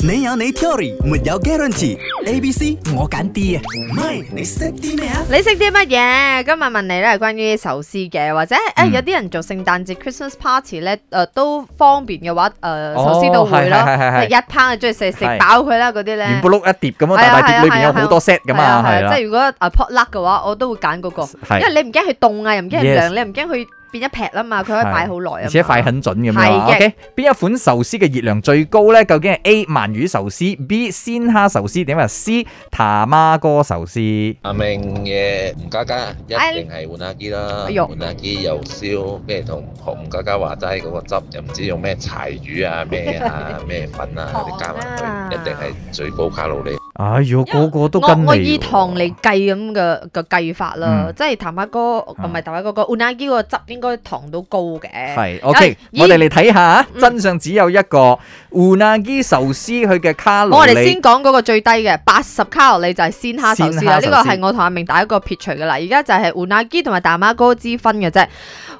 你有你 theory 沒有 guarantee。A B C 我揀 D 啊，唔係你識啲咩啊？你識啲乜嘢？今日問你咧，關於壽司嘅，或者誒有啲人做聖誕節 Christmas party 咧，誒都方便嘅話，誒壽司都會啦，一餐啊中意食食飽佢啦，嗰啲咧圓布碌一碟咁咯，大大碟裏邊有好多 set 噶嘛，係啦。即係如果啊 potluck 嘅話，我都會揀嗰個，因為你唔驚佢凍啊，又唔驚佢涼，你唔驚佢。變一劈啦嘛，佢可以擺好耐啊，而且快很準咁樣啊。O K，邊一款壽司嘅熱量最高咧？究竟係 A 鰻魚壽司、B 鮮蝦壽司，點啊？C 塔瑪哥壽司。阿明嘅吳家家一定係換下機啦，換下機又燒咩同吳家家話齋嗰個汁，又唔知用咩柴魚啊咩啊咩粉啊啲 加埋去，一定係最高卡路里。哎喲，個個都跟嚟我我以糖嚟計咁嘅嘅計法啦，嗯、即係大馬哥唔係大馬哥哥，哥，烏拿基個汁應該糖都高嘅。係，OK，我哋嚟睇下，嗯、真相只有一個，烏拿基壽司佢嘅卡路里。我哋先講嗰個最低嘅八十卡路里就係鮮蝦壽司啦，呢個係我同阿明打一個撇除噶啦，而家就係烏拿基同埋大馬哥之分嘅啫。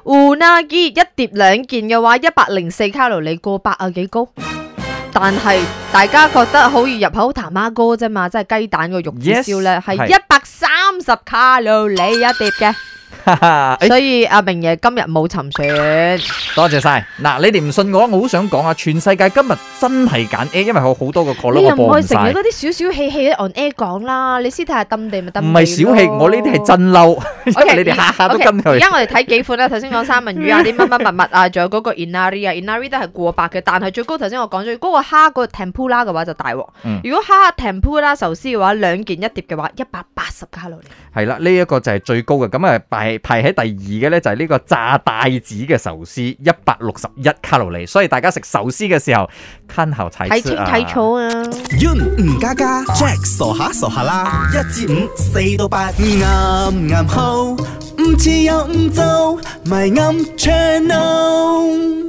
烏拿基一碟兩件嘅話一百零四卡路里，過百啊幾高。但係大家覺得好易入口，Tamago 啫嘛，即係雞蛋個肉之燒咧，係一百三十卡路里一碟嘅。所以阿明爺今日冇沉船，多謝晒。嗱，你哋唔信我，我好想講啊！全世界今日真係揀 A，因為我好多個角落都播晒。你又唔可以成日嗰啲少少氣氣喺 on A 講啦。你先睇下抌地咪抌唔係小氣，我呢啲係真嬲。我哋而家我哋睇幾款啦。頭先講三文魚啊，啲乜乜物物啊，仲有嗰個 Inari 啊，Inari 都係過百嘅。但係最高頭先我講咗嗰個蝦嗰個 Tempura 嘅話就大鑊。如果蝦 Tempura 壽司嘅話，兩件一碟嘅話，一百八十卡路里。係啦，呢一個就係最高嘅。咁啊，第排喺第二嘅咧就係呢個炸帶子嘅壽司，一百六十一卡路里，所以大家食壽司嘅時候吞喉睇清楚啊。